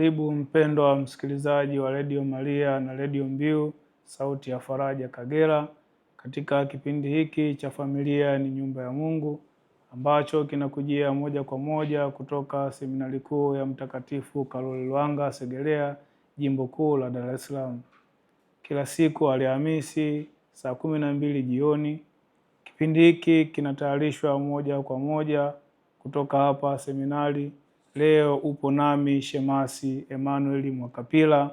Karibu mpendwa msikilizaji wa redio Maria na redio Mbiu sauti ya faraja Kagera, katika kipindi hiki cha familia ni nyumba ya Mungu ambacho kinakujia moja kwa moja kutoka seminari kuu ya Mtakatifu Karoli Lwanga Segerea, jimbo kuu la Dar es Salaam, kila siku Alhamisi saa kumi na mbili jioni. Kipindi hiki kinatayarishwa moja kwa moja kutoka hapa seminari Leo upo nami Shemasi Emmanuel Mwakapila,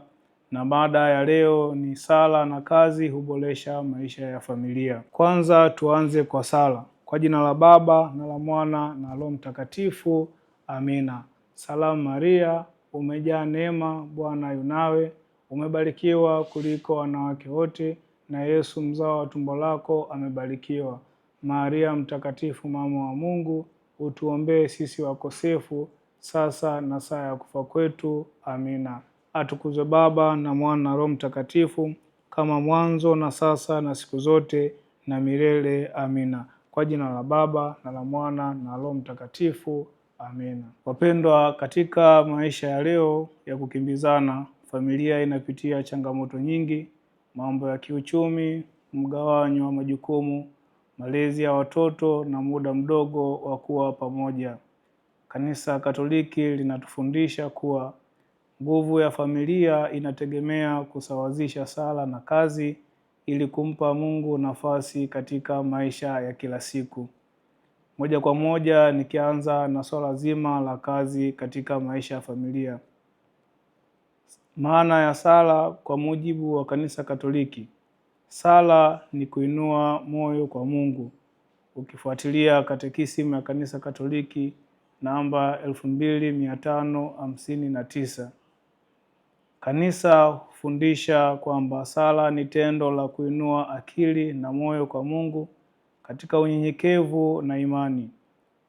na baada ya leo ni sala na kazi huboresha maisha ya familia. Kwanza tuanze kwa sala. Kwa jina la Baba na la Mwana na Roho Mtakatifu, amina. Salamu Maria, umejaa neema, Bwana yu nawe, umebarikiwa kuliko wanawake wote, na Yesu mzao wa tumbo lako amebarikiwa. Maria Mtakatifu, mama wa Mungu, utuombee sisi wakosefu sasa na saa ya kufa kwetu. Amina. Atukuzwe Baba na Mwana na Roho Mtakatifu, kama mwanzo na sasa na siku zote na milele. Amina. Kwa jina la Baba na la Mwana na Roho Mtakatifu. Amina. Wapendwa, katika maisha ya leo ya kukimbizana, familia inapitia changamoto nyingi, mambo ya kiuchumi, mgawanyo wa majukumu, malezi ya watoto na muda mdogo wa kuwa pamoja. Kanisa Katoliki linatufundisha kuwa nguvu ya familia inategemea kusawazisha sala na kazi ili kumpa Mungu nafasi katika maisha ya kila siku. Moja kwa moja nikianza na swala zima la kazi katika maisha ya familia. Maana ya sala kwa mujibu wa Kanisa Katoliki, sala ni kuinua moyo kwa Mungu. Ukifuatilia katekisimu ya Kanisa Katoliki namba 2559. Kanisa hufundisha kwamba sala ni tendo la kuinua akili na moyo kwa Mungu katika unyenyekevu na imani.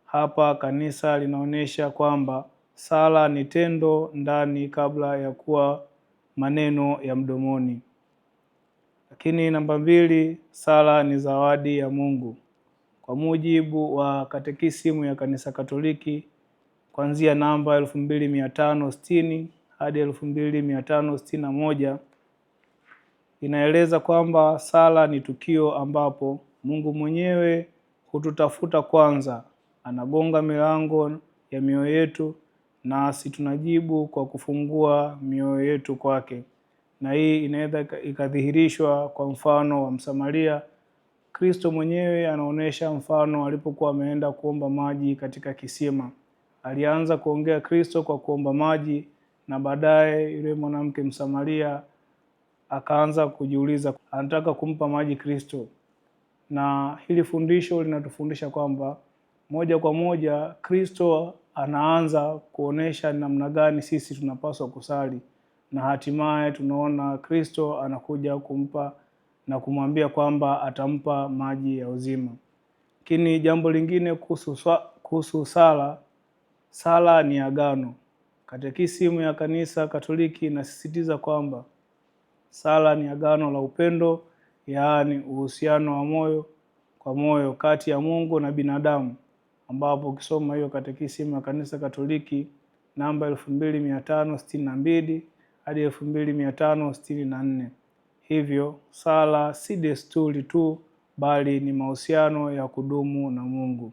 Hapa kanisa linaonyesha kwamba sala ni tendo ndani kabla ya kuwa maneno ya mdomoni. Lakini namba mbili, sala ni zawadi ya Mungu kwa mujibu wa katekisimu ya Kanisa Katoliki kuanzia namba elfu mbili mia tano hadi elfu mbili mia tano moja inaeleza kwamba sala ni tukio ambapo Mungu mwenyewe hututafuta kwanza, anagonga milango ya mioyo yetu, nasi tunajibu kwa kufungua mioyo yetu kwake, na hii inaweza ikadhihirishwa kwa mfano wa Msamaria Kristo mwenyewe anaonyesha mfano alipokuwa ameenda kuomba maji katika kisima. Alianza kuongea Kristo kwa kuomba maji, na baadaye yule mwanamke Msamaria akaanza kujiuliza, anataka kumpa maji Kristo. Na hili fundisho linatufundisha kwamba moja kwa moja Kristo anaanza kuonesha namna gani sisi tunapaswa kusali, na hatimaye tunaona Kristo anakuja kumpa na kumwambia kwamba atampa maji ya uzima. Lakini jambo lingine kuhusu sala, sala ni agano. Katekisimu ya Kanisa Katoliki inasisitiza kwamba sala ni agano la upendo, yaani uhusiano wa moyo kwa moyo kati ya Mungu na binadamu, ambapo ukisoma hiyo katekisimu ya Kanisa Katoliki namba elfu mbili mia tano sitini na mbili hadi elfu mbili mia tano sitini na nne Hivyo sala si desturi tu, bali ni mahusiano ya kudumu na Mungu.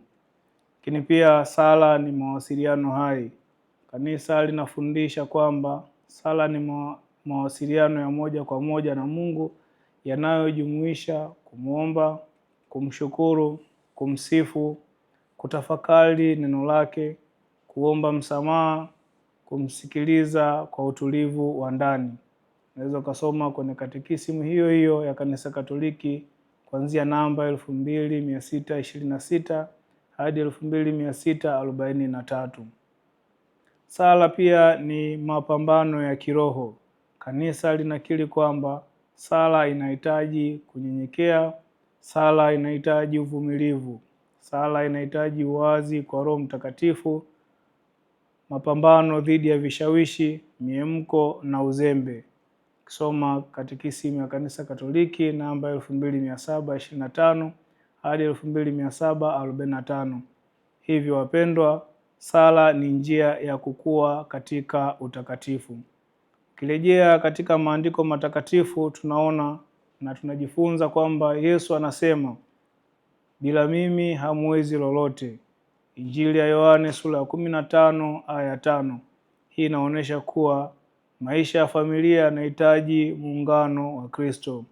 Lakini pia sala ni mawasiliano hai. Kanisa linafundisha kwamba sala ni mawasiliano ya moja kwa moja na Mungu yanayojumuisha kumwomba, kumshukuru, kumsifu, kutafakari neno lake, kuomba msamaha, kumsikiliza kwa utulivu wa ndani unaweza ukasoma kwenye katekisimu hiyo hiyo ya Kanisa Katoliki kuanzia namba elfu mbili mia sita ishirini na sita hadi elfu mbili mia sita arobaini na tatu. Sala pia ni mapambano ya kiroho. Kanisa linakiri kwamba sala inahitaji kunyenyekea, sala inahitaji uvumilivu, sala inahitaji uwazi kwa Roho Mtakatifu, mapambano dhidi ya vishawishi, miemko na uzembe kisoma katekisimu ya Kanisa Katoliki namba 2725 hadi 2745 Hivyo wapendwa, sala ni njia ya kukua katika utakatifu. Ukirejea katika maandiko matakatifu, tunaona na tunajifunza kwamba Yesu anasema bila mimi hamwezi lolote. Injili ya Yohane sura ya 15 aya tano. Hii inaonyesha kuwa maisha ya familia yanahitaji muungano wa Kristo.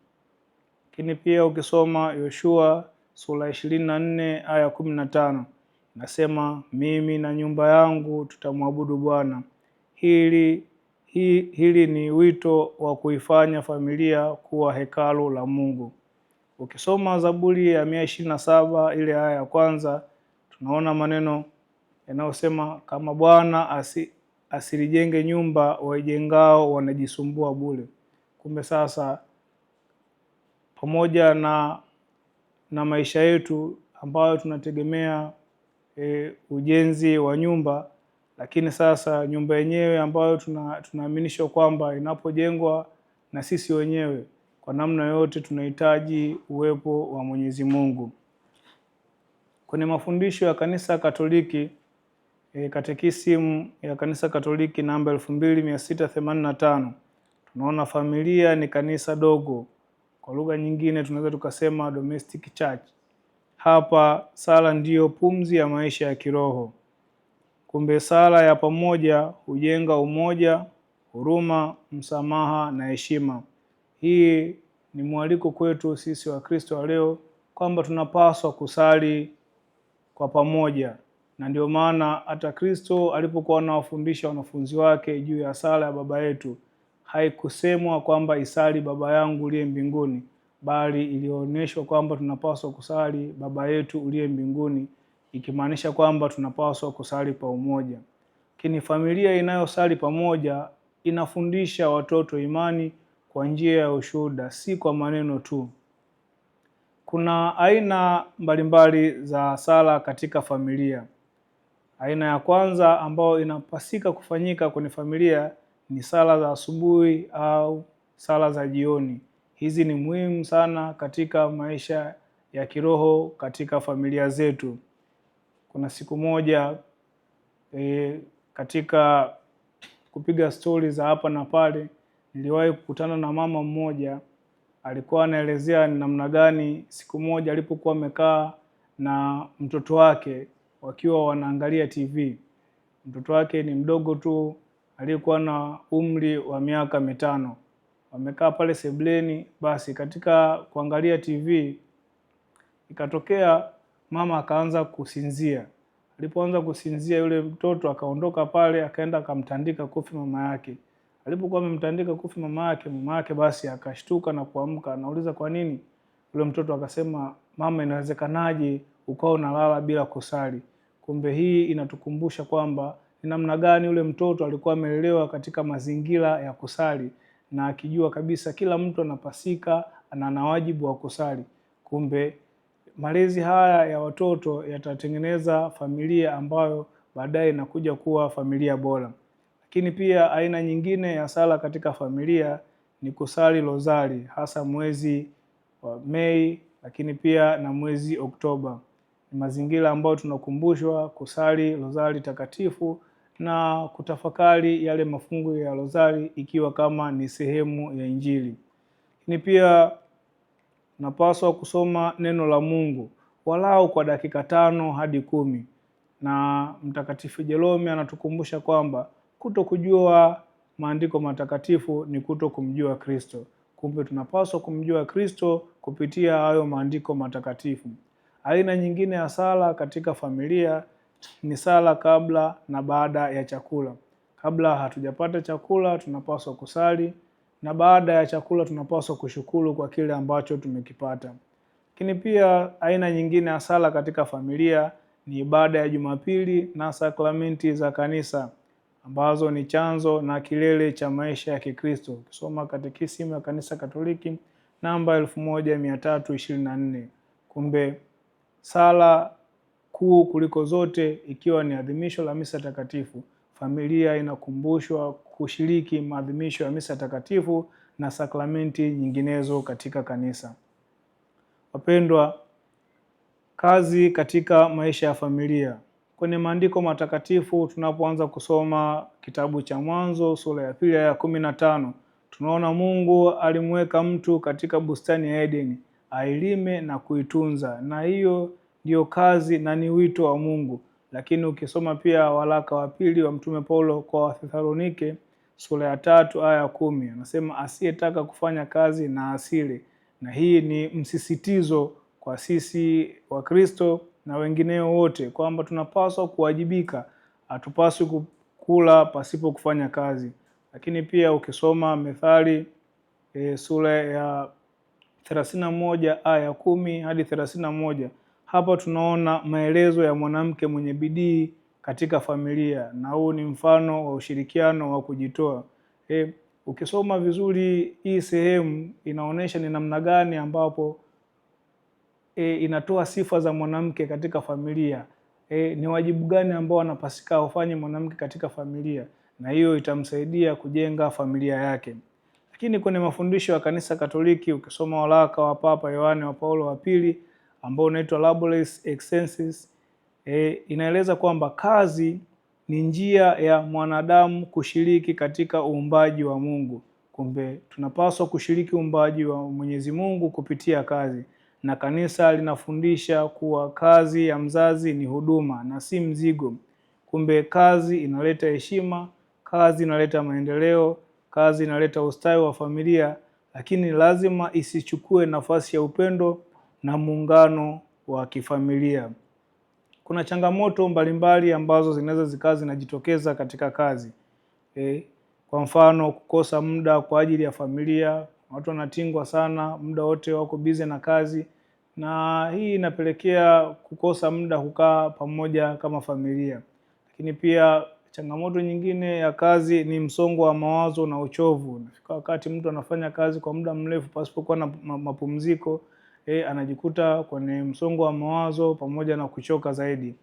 Lakini pia ukisoma Yoshua sura ishirini na nne aya kumi na tano nasema mimi na nyumba yangu tutamwabudu Bwana. Hili, hi, hili ni wito wa kuifanya familia kuwa hekalu la Mungu. Ukisoma Zaburi ya mia ishirini na saba ile aya ya kwanza tunaona maneno yanayosema kama Bwana asi asilijenge nyumba waijengao wanajisumbua bure. Kumbe sasa, pamoja na na maisha yetu ambayo tunategemea e, ujenzi wa nyumba, lakini sasa nyumba yenyewe ambayo tuna tunaaminishwa kwamba inapojengwa na sisi wenyewe kwa namna yote, tunahitaji uwepo wa Mwenyezi Mungu. Kwenye mafundisho ya Kanisa Katoliki e, Katekisimu ya Kanisa Katoliki namba elfu mbili mia sita themanini na tano tunaona familia ni kanisa dogo, kwa lugha nyingine tunaweza tukasema domestic church. Hapa sala ndiyo pumzi ya maisha ya kiroho. Kumbe sala ya pamoja hujenga umoja, huruma, msamaha na heshima. Hii ni mwaliko kwetu sisi Wakristo wa leo kwamba tunapaswa kusali kwa pamoja na ndio maana hata Kristo alipokuwa anawafundisha wanafunzi wake juu ya sala ya Baba yetu haikusemwa kwamba isali Baba yangu uliye mbinguni, bali ilionyeshwa kwamba tunapaswa kusali Baba yetu uliye mbinguni, ikimaanisha kwamba tunapaswa kusali kwa umoja. Lakini familia inayosali pamoja inafundisha watoto imani kwa njia ya ushuhuda, si kwa maneno tu. Kuna aina mbalimbali za sala katika familia. Aina ya kwanza ambayo inapasika kufanyika kwenye familia ni sala za asubuhi au sala za jioni. Hizi ni muhimu sana katika maisha ya kiroho katika familia zetu. Kuna siku moja e, katika kupiga stori za hapa na pale, niliwahi kukutana na mama mmoja alikuwa anaelezea ni namna gani siku moja alipokuwa amekaa na mtoto wake wakiwa wanaangalia TV. Mtoto wake ni mdogo tu aliyekuwa na umri wa miaka mitano. Wamekaa pale sebuleni, basi katika kuangalia TV ikatokea mama akaanza kusinzia. Alipoanza kusinzia, yule mtoto akaondoka pale, akaenda akamtandika kofi mama yake. Alipokuwa amemtandika kofi mama yake, mama yake basi akashtuka na kuamka, anauliza kwa nini. Yule mtoto akasema, mama, inawezekanaje ukawa unalala bila kusali? Kumbe hii inatukumbusha kwamba ni namna gani yule mtoto alikuwa amelelewa katika mazingira ya kusali na akijua kabisa kila mtu anapasika na ana wajibu wa kusali. Kumbe malezi haya ya watoto yatatengeneza familia ambayo baadaye inakuja kuwa familia bora. Lakini pia aina nyingine ya sala katika familia ni kusali rozari, hasa mwezi wa Mei, lakini pia na mwezi Oktoba ni mazingira ambayo tunakumbushwa kusali rozari takatifu na kutafakari yale mafungu ya rozari ikiwa kama ni sehemu ya Injili. Ni pia napaswa kusoma neno la Mungu walau kwa dakika tano hadi kumi, na Mtakatifu Jerome anatukumbusha kwamba kuto kujua maandiko matakatifu ni kuto kumjua Kristo. Kumbe tunapaswa kumjua Kristo kupitia hayo maandiko matakatifu. Aina nyingine ya sala katika familia ni sala kabla na baada ya chakula. Kabla hatujapata chakula tunapaswa kusali, na baada ya chakula tunapaswa kushukuru kwa kile ambacho tumekipata. Lakini pia aina nyingine ya sala katika familia ni ibada ya Jumapili na sakramenti za Kanisa ambazo ni chanzo na kilele cha maisha ya Kikristo. kisoma Katekisimu ya Kanisa Katoliki namba 1324. Kumbe sala kuu kuliko zote ikiwa ni adhimisho la misa takatifu. Familia inakumbushwa kushiriki maadhimisho ya misa takatifu na sakramenti nyinginezo katika kanisa. Wapendwa, kazi katika maisha ya familia. Kwenye maandiko matakatifu tunapoanza kusoma kitabu cha Mwanzo sura ya pili aya ya kumi na tano tunaona Mungu alimweka mtu katika bustani ya Edeni ailime na kuitunza, na hiyo ndiyo kazi na ni wito wa Mungu. Lakini ukisoma pia waraka wa pili wa Mtume Paulo kwa Wathesalonike sura ya tatu aya ya kumi anasema asiyetaka kufanya kazi na asile, na hii ni msisitizo kwa sisi Wakristo na wengineo wote kwamba tunapaswa kuwajibika, hatupaswi kula pasipo kufanya kazi. Lakini pia ukisoma Methali e, sura ya 31 aya kumi hadi 31. Hapa tunaona maelezo ya mwanamke mwenye bidii katika familia, na huu ni mfano wa ushirikiano wa kujitoa. E, ukisoma vizuri hii sehemu inaonyesha ni namna gani ambapo e, inatoa sifa za mwanamke katika familia. E, ni wajibu gani ambao anapasika ufanye mwanamke katika familia, na hiyo itamsaidia kujenga familia yake. Lakini kwenye mafundisho ya kanisa Katoliki ukisoma waraka wa Papa Yohane wa Paulo wa pili ambao unaitwa Laboris Excelsis e, inaeleza kwamba kazi ni njia ya mwanadamu kushiriki katika uumbaji wa Mungu. Kumbe tunapaswa kushiriki uumbaji wa Mwenyezi Mungu kupitia kazi, na kanisa linafundisha kuwa kazi ya mzazi ni huduma na si mzigo. Kumbe kazi inaleta heshima, kazi inaleta maendeleo Kazi inaleta ustawi wa familia, lakini lazima isichukue nafasi ya upendo na muungano wa kifamilia. Kuna changamoto mbalimbali ambazo zinaweza zikawa zinajitokeza katika kazi e, kwa mfano kukosa muda kwa ajili ya familia. Watu wanatingwa sana, muda wote wako bize na kazi, na hii inapelekea kukosa muda kukaa pamoja kama familia, lakini pia Changamoto nyingine ya kazi ni msongo wa mawazo na uchovu. Nafika wakati mtu anafanya kazi kwa muda mrefu pasipokuwa na mapumziko eh, anajikuta kwenye msongo wa mawazo pamoja na kuchoka zaidi.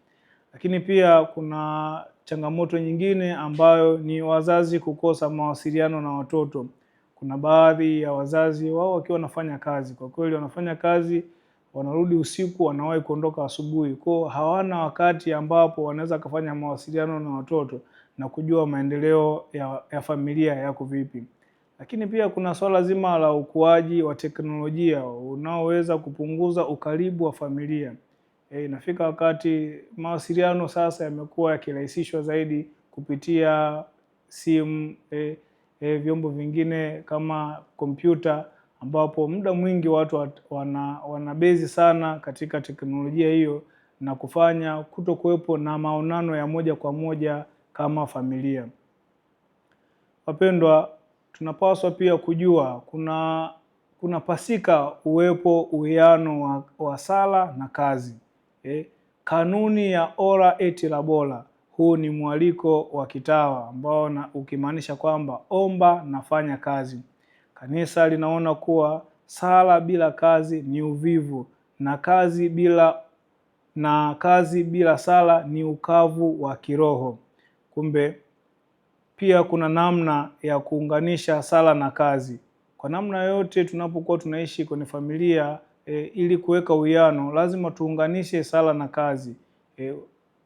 Lakini pia kuna changamoto nyingine ambayo ni wazazi kukosa mawasiliano na watoto. Kuna baadhi ya wazazi wao wakiwa wanafanya kazi, kwa kweli wanafanya kazi wanarudi usiku, wanawahi kuondoka asubuhi, kwao hawana wakati ambapo wanaweza kufanya mawasiliano na watoto na kujua maendeleo ya, ya familia yako vipi. Lakini pia kuna swala zima la ukuaji wa teknolojia unaoweza kupunguza ukaribu wa familia. E, inafika wakati mawasiliano sasa yamekuwa yakirahisishwa zaidi kupitia simu, e, e, vyombo vingine kama kompyuta ambapo muda mwingi watu wana, wanabezi sana katika teknolojia hiyo na kufanya kuto kuwepo na maonano ya moja kwa moja kama familia. Wapendwa, tunapaswa pia kujua kuna kuna pasika uwepo uwiano wa, wa sala na kazi eh? Kanuni ya ora et labora, huu ni mwaliko wa kitawa ambao ukimaanisha kwamba omba na fanya kazi. Kanisa linaona kuwa sala bila kazi ni uvivu na kazi bila na kazi bila sala ni ukavu wa kiroho. Kumbe pia kuna namna ya kuunganisha sala na kazi. Kwa namna yote, tunapokuwa tunaishi kwenye familia e, ili kuweka uwiano, lazima tuunganishe sala na kazi e,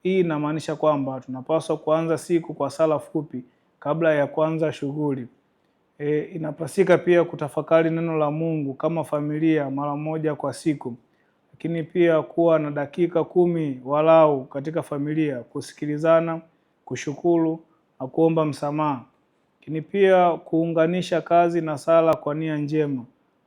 hii inamaanisha kwamba tunapaswa kuanza siku kwa sala fupi kabla ya kuanza shughuli e, inapasika pia kutafakari neno la Mungu kama familia mara moja kwa siku, lakini pia kuwa na dakika kumi walau katika familia kusikilizana, kushukuru na kuomba msamaha, lakini pia kuunganisha kazi na sala kwa nia njema,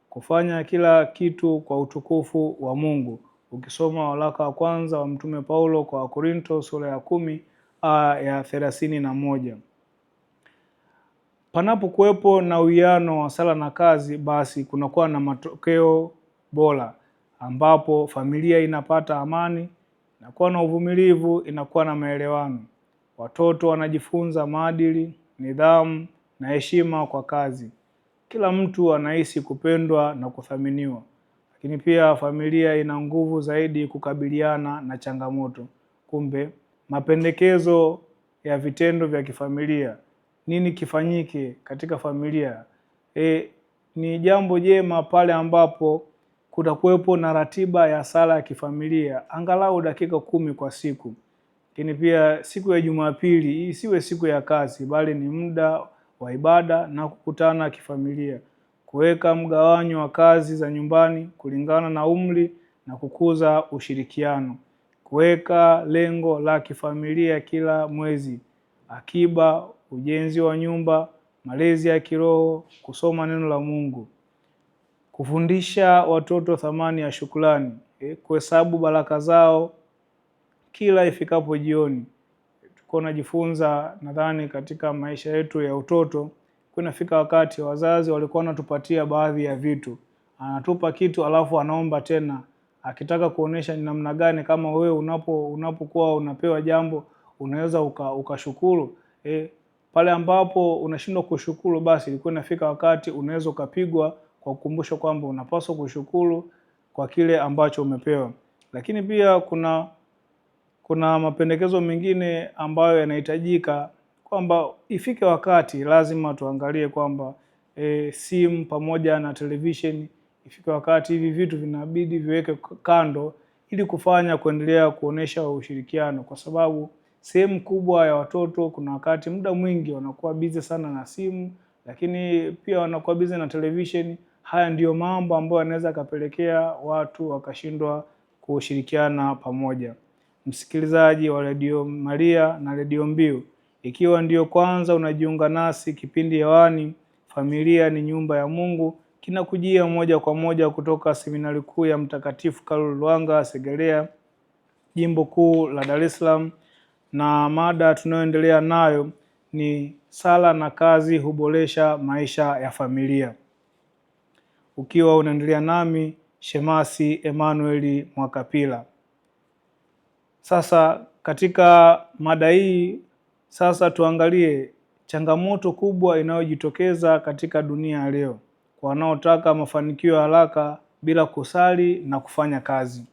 kufanya kila kitu kwa utukufu wa Mungu ukisoma waraka wa kwanza wa Mtume Paulo kwa Wakorinto sura ya kumi aya ya thelathini na moja. Panapokuwepo na uwiano wa sala na kazi, basi kunakuwa na matokeo bora, ambapo familia inapata amani, inakuwa na uvumilivu, inakuwa na maelewano, watoto wanajifunza maadili, nidhamu na heshima kwa kazi. Kila mtu anahisi kupendwa na kuthaminiwa, lakini pia familia ina nguvu zaidi kukabiliana na changamoto. Kumbe mapendekezo ya vitendo vya kifamilia nini kifanyike katika familia. E, ni jambo jema pale ambapo kutakuwepo na ratiba ya sala ya kifamilia angalau dakika kumi kwa siku. Lakini pia siku ya Jumapili isiwe siku ya kazi, bali ni muda wa ibada na kukutana kifamilia, kuweka mgawanyo wa kazi za nyumbani kulingana na umri na kukuza ushirikiano, kuweka lengo la kifamilia kila mwezi, akiba ujenzi wa nyumba, malezi ya kiroho, kusoma neno la Mungu, kufundisha watoto thamani ya shukrani, eh, kuhesabu baraka zao kila ifikapo jioni. Tulikuwa najifunza, nadhani katika maisha yetu ya utoto, kunafika wakati wazazi walikuwa wanatupatia baadhi ya vitu, anatupa kitu alafu anaomba tena, akitaka kuonesha ni namna gani kama wewe unapo unapokuwa unapewa jambo unaweza ukashukuru uka eh, pale ambapo unashindwa kushukuru, basi ilikuwa inafika wakati unaweza ukapigwa kwa kukumbusha kwamba unapaswa kushukuru kwa kile ambacho umepewa. Lakini pia kuna kuna mapendekezo mengine ambayo yanahitajika kwamba ifike wakati lazima tuangalie kwamba e, simu pamoja na televisheni, ifike wakati hivi vitu vinabidi viweke kando ili kufanya kuendelea kuonesha ushirikiano, kwa sababu sehemu kubwa ya watoto, kuna wakati muda mwingi wanakuwa bize sana na simu, lakini pia wanakuwa bize na televisheni. Haya ndiyo mambo ambayo yanaweza akapelekea watu wakashindwa kushirikiana pamoja. Msikilizaji wa redio Maria na redio Mbiu, ikiwa ndiyo kwanza unajiunga nasi, kipindi hewani Familia ni Nyumba ya Mungu kinakujia moja kwa moja kutoka seminari kuu ya Mtakatifu Karol Lwanga Segerea, jimbo kuu la Dar es Salaam na mada tunayoendelea nayo ni sala na kazi huboresha maisha ya familia, ukiwa unaendelea nami Shemasi Emmanuel Mwakapila. Sasa katika mada hii sasa tuangalie changamoto kubwa inayojitokeza katika dunia ya leo kwa wanaotaka mafanikio ya haraka bila kusali na kufanya kazi.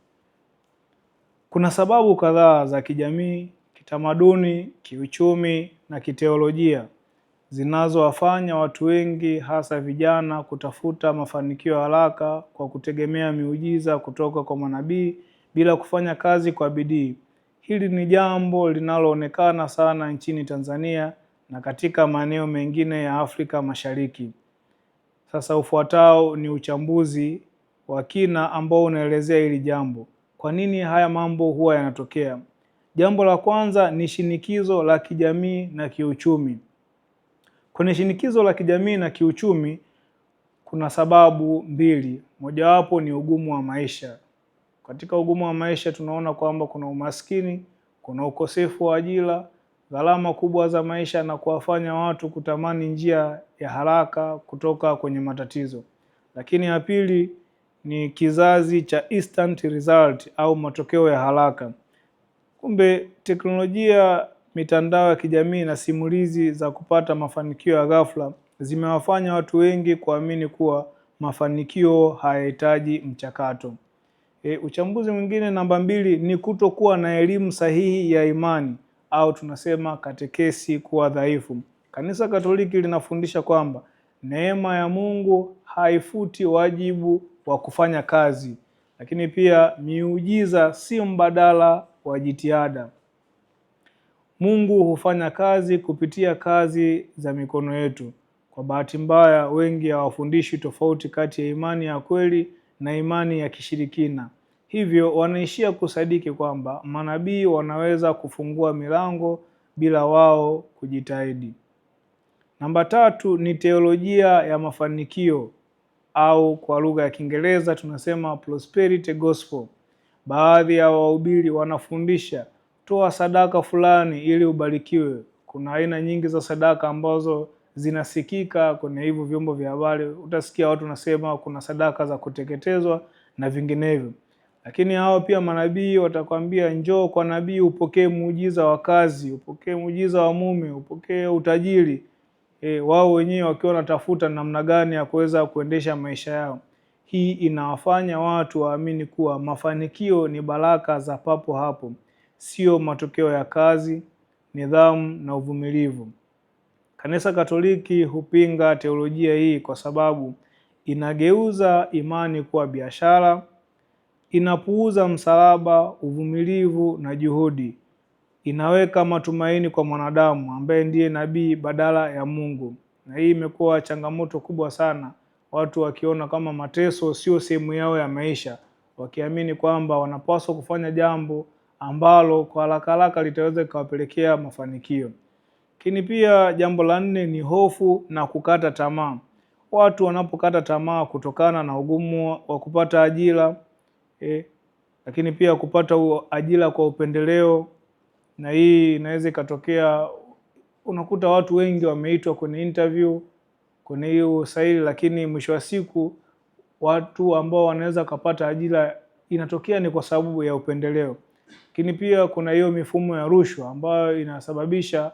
Kuna sababu kadhaa za kijamii kitamaduni, kiuchumi na kiteolojia zinazowafanya watu wengi hasa vijana kutafuta mafanikio haraka kwa kutegemea miujiza kutoka kwa manabii bila kufanya kazi kwa bidii. Hili ni jambo linaloonekana sana nchini Tanzania na katika maeneo mengine ya Afrika Mashariki. Sasa ufuatao ni uchambuzi wa kina ambao unaelezea hili jambo. Kwa nini haya mambo huwa yanatokea? Jambo la kwanza ni shinikizo la kijamii na kiuchumi. Kwenye shinikizo la kijamii na kiuchumi kuna sababu mbili, mojawapo ni ugumu wa maisha. Katika ugumu wa maisha tunaona kwamba kuna umaskini, kuna ukosefu wa ajira, gharama kubwa za maisha na kuwafanya watu kutamani njia ya haraka kutoka kwenye matatizo. Lakini ya pili ni kizazi cha instant result au matokeo ya haraka. Kumbe teknolojia, mitandao ya kijamii na simulizi za kupata mafanikio ya ghafla zimewafanya watu wengi kuamini kuwa mafanikio hayahitaji mchakato. E, uchambuzi mwingine namba mbili ni kutokuwa na elimu sahihi ya imani au tunasema katekesi kuwa dhaifu. Kanisa Katoliki linafundisha kwamba neema ya Mungu haifuti wajibu wa kufanya kazi, lakini pia miujiza si mbadala kwa jitihada. Mungu hufanya kazi kupitia kazi za mikono yetu. Kwa bahati mbaya, wengi hawafundishi tofauti kati ya imani ya kweli na imani ya kishirikina. Hivyo wanaishia kusadiki kwamba manabii wanaweza kufungua milango bila wao kujitahidi. Namba tatu ni teolojia ya mafanikio au kwa lugha ya Kiingereza tunasema prosperity gospel. Baadhi ya wahubiri wanafundisha toa sadaka fulani ili ubarikiwe. Kuna aina nyingi za sadaka ambazo zinasikika kwenye hivyo vyombo vya habari. Utasikia watu nasema kuna sadaka za kuteketezwa na vinginevyo, lakini hao pia manabii watakwambia njoo kwa nabii upokee muujiza wa kazi, upokee muujiza wa mume, upokee utajiri. E, wao wenyewe wakiwa wanatafuta namna gani ya kuweza kuendesha maisha yao. Hii inawafanya watu waamini kuwa mafanikio ni baraka za papo hapo, sio matokeo ya kazi, nidhamu na uvumilivu. Kanisa Katoliki hupinga teolojia hii kwa sababu inageuza imani kuwa biashara, inapuuza msalaba, uvumilivu na juhudi, inaweka matumaini kwa mwanadamu ambaye ndiye nabii badala ya Mungu, na hii imekuwa changamoto kubwa sana watu wakiona kama mateso sio sehemu yao ya maisha, wakiamini kwamba wanapaswa kufanya jambo ambalo kwa haraka haraka litaweza likawapelekea mafanikio. Lakini pia jambo la nne ni hofu na kukata tamaa. Watu wanapokata tamaa kutokana na ugumu wa kupata ajira eh, lakini pia kupata ajira kwa upendeleo, na hii inaweza ikatokea, unakuta watu wengi wameitwa kwenye interview kwenye hiyo usaili, lakini mwisho wa siku watu ambao wanaweza kupata ajira inatokea ni kwa sababu ya upendeleo. Lakini pia kuna hiyo mifumo ya rushwa ambayo inasababisha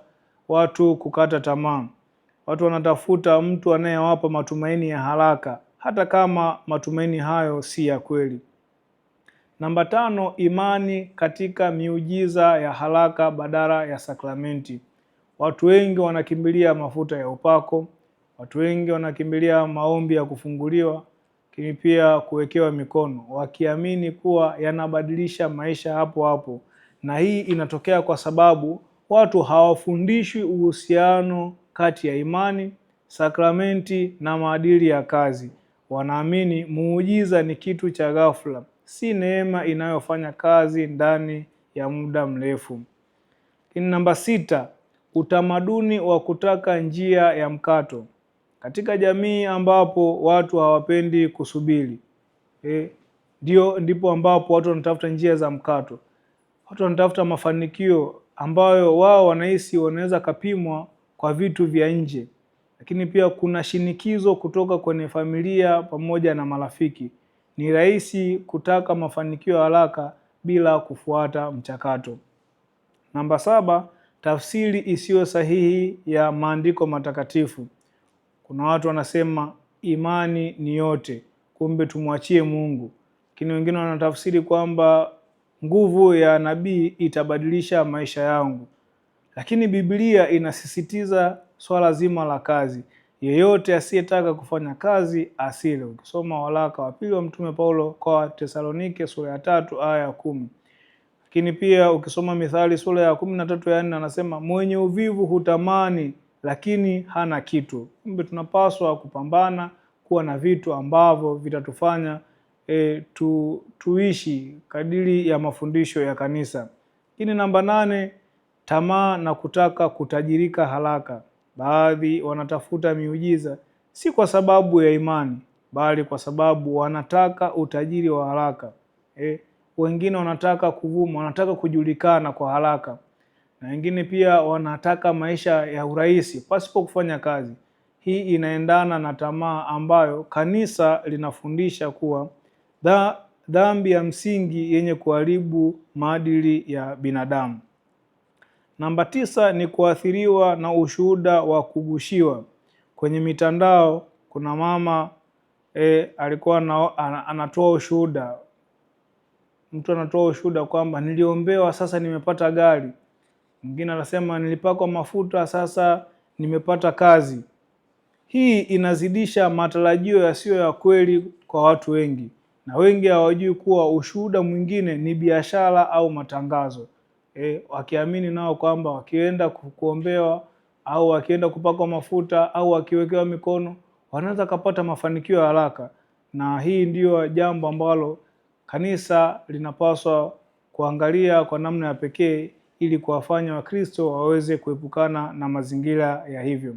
watu kukata tamaa. Watu wanatafuta mtu anayewapa matumaini ya haraka, hata kama matumaini hayo si ya kweli. Namba tano, imani katika miujiza ya haraka badala ya sakramenti. Watu wengi wanakimbilia mafuta ya upako, Watu wengi wanakimbilia maombi ya kufunguliwa, lakini pia kuwekewa mikono, wakiamini kuwa yanabadilisha maisha hapo hapo, na hii inatokea kwa sababu watu hawafundishwi uhusiano kati ya imani, sakramenti na maadili ya kazi. Wanaamini muujiza ni kitu cha ghafla, si neema inayofanya kazi ndani ya muda mrefu. Namba sita, utamaduni wa kutaka njia ya mkato. Katika jamii ambapo watu hawapendi kusubiri eh, ndio ndipo ambapo watu wanatafuta njia za mkato, watu wanatafuta mafanikio ambayo wao wanahisi wanaweza kapimwa kwa vitu vya nje, lakini pia kuna shinikizo kutoka kwenye familia pamoja na marafiki. Ni rahisi kutaka mafanikio haraka bila kufuata mchakato. Namba saba, tafsiri isiyo sahihi ya maandiko matakatifu. Kuna watu wanasema imani ni yote, kumbe tumwachie Mungu. Lakini wengine wanatafsiri kwamba nguvu ya nabii itabadilisha maisha yangu, lakini Biblia inasisitiza swala zima la kazi. Yeyote asiyetaka kufanya kazi asile. Ukisoma waraka wa pili wa Mtume Paulo kwa Tesalonike sura ya tatu aya ya kumi lakini pia ukisoma Mithali sura ya kumi na tatu ya nne anasema mwenye uvivu hutamani lakini hana kitu. Kumbe tunapaswa kupambana kuwa na vitu ambavyo vitatufanya e, tu, tuishi kadiri ya mafundisho ya kanisa. Lakini namba nane, tamaa na kutaka kutajirika haraka. Baadhi wanatafuta miujiza si kwa sababu ya imani, bali kwa sababu wanataka utajiri wa haraka e, wengine wanataka kuvuma, wanataka kujulikana kwa haraka na wengine pia wanataka maisha ya urahisi pasipo kufanya kazi. Hii inaendana na tamaa ambayo kanisa linafundisha kuwa dhambi ya msingi yenye kuharibu maadili ya binadamu. Namba tisa ni kuathiriwa na ushuhuda wa kugushiwa kwenye mitandao. Kuna mama e, alikuwa na, anatoa ushuhuda, mtu anatoa ushuhuda kwamba niliombewa, sasa nimepata gari. Mwingine anasema nilipakwa mafuta, sasa nimepata kazi. Hii inazidisha matarajio yasiyo ya kweli kwa watu wengi, na wengi hawajui kuwa ushuhuda mwingine ni biashara au matangazo e, wakiamini nao kwamba wakienda kuombewa au wakienda kupakwa mafuta au wakiwekewa mikono wanaweza kapata mafanikio ya haraka, na hii ndiyo jambo ambalo kanisa linapaswa kuangalia kwa namna ya pekee ili kuwafanya Wakristo waweze kuepukana na mazingira ya hivyo.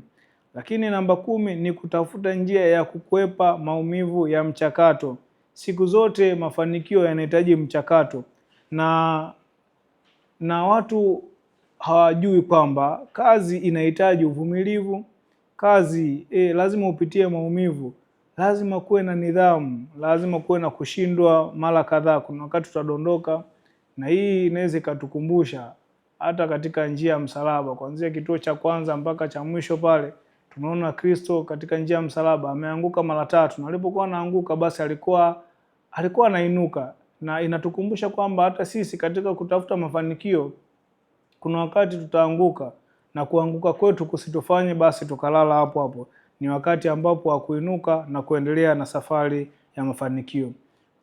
Lakini namba kumi ni kutafuta njia ya kukwepa maumivu ya mchakato. Siku zote mafanikio yanahitaji mchakato, na na watu hawajui kwamba kazi inahitaji uvumilivu. Kazi e, lazima upitie maumivu, lazima kuwe na nidhamu, lazima kuwe na kushindwa mara kadhaa. Kuna wakati tutadondoka, na hii inaweza ikatukumbusha hata katika njia ya msalaba, kuanzia kituo cha kwanza mpaka cha mwisho pale tunaona Kristo katika njia ya msalaba ameanguka mara tatu, na alipokuwa anaanguka basi alikuwa alikuwa anainuka, na inatukumbusha kwamba hata sisi katika kutafuta mafanikio kuna wakati tutaanguka, na kuanguka kwetu kusitufanye basi tukalala hapo hapo. Ni wakati ambapo wa kuinuka na kuendelea na safari ya mafanikio.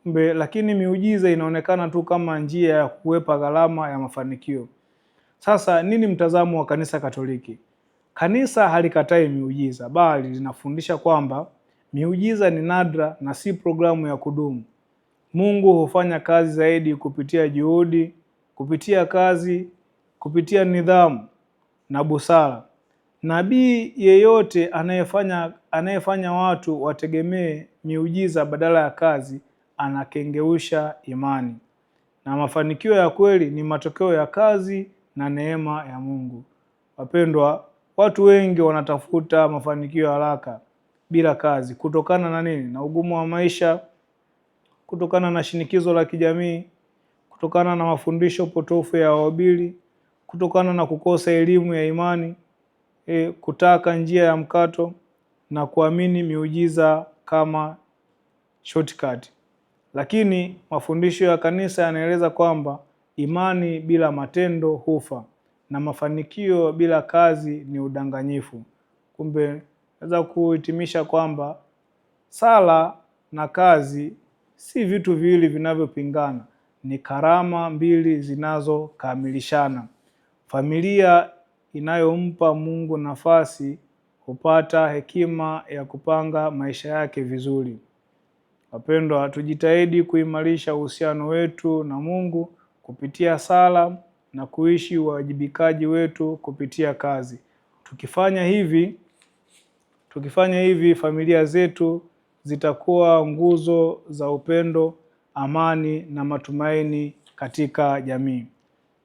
Mbe, lakini miujiza inaonekana tu kama njia ya kuwepa gharama ya mafanikio. Sasa nini mtazamo wa kanisa Katoliki? Kanisa halikatai miujiza, bali linafundisha kwamba miujiza ni nadra na si programu ya kudumu. Mungu hufanya kazi zaidi kupitia juhudi, kupitia kazi, kupitia nidhamu na busara. Nabii yeyote anayefanya anayefanya watu wategemee miujiza badala ya kazi anakengeusha imani, na mafanikio ya kweli ni matokeo ya kazi na neema ya Mungu. Wapendwa, watu wengi wanatafuta mafanikio ya haraka bila kazi, kutokana na nini? Na ugumu wa maisha, kutokana na shinikizo la kijamii, kutokana na mafundisho potofu ya wahubiri, kutokana na kukosa elimu ya imani, e, kutaka njia ya mkato na kuamini miujiza kama shortcut. Lakini mafundisho ya kanisa yanaeleza kwamba Imani bila matendo hufa, na mafanikio bila kazi ni udanganyifu. Kumbe naweza kuhitimisha kwamba sala na kazi si vitu viwili vinavyopingana, ni karama mbili zinazokamilishana. Familia inayompa Mungu nafasi hupata hekima ya kupanga maisha yake vizuri. Wapendwa, tujitahidi kuimarisha uhusiano wetu na Mungu kupitia sala na kuishi uwajibikaji wetu kupitia kazi. Tukifanya hivi, tukifanya hivi, familia zetu zitakuwa nguzo za upendo, amani na matumaini katika jamii.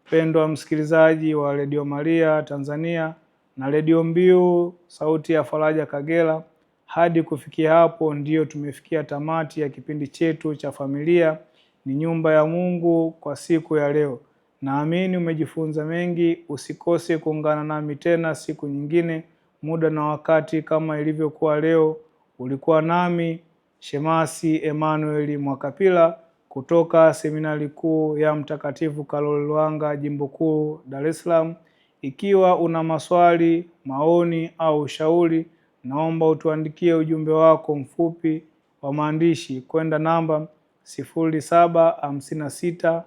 Pendwa msikilizaji wa Redio Maria Tanzania na Redio Mbiu Sauti ya Faraja Kagera, hadi kufikia hapo ndiyo tumefikia tamati ya kipindi chetu cha familia ni nyumba ya Mungu kwa siku ya leo. Naamini umejifunza mengi. Usikose kuungana nami tena siku nyingine, muda na wakati kama ilivyokuwa leo. Ulikuwa nami Shemasi Emmanuel Mwakapila kutoka Seminari Kuu ya Mtakatifu Karol Lwanga, Jimbo Kuu, Dar es Salaam. Ikiwa una maswali, maoni au ushauri, naomba utuandikie ujumbe wako mfupi wa maandishi kwenda namba sifuri saba hamsini na sita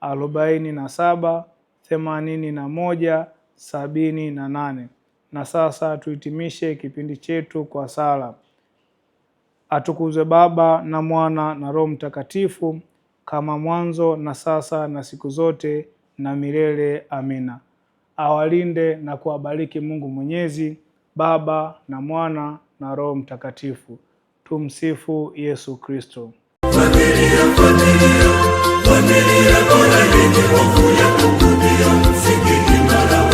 arobaini na saba themanini na moja sabini na nane. Na sasa tuhitimishe kipindi chetu kwa sala. Atukuzwe Baba na Mwana na Roho Mtakatifu, kama mwanzo na sasa na siku zote na milele. Amina. Awalinde na kuwabariki Mungu Mwenyezi, Baba na Mwana na Roho Mtakatifu. Tumsifu Yesu Kristo. Familia, familia, familia bora yenye hofu ya kukudia msingi imara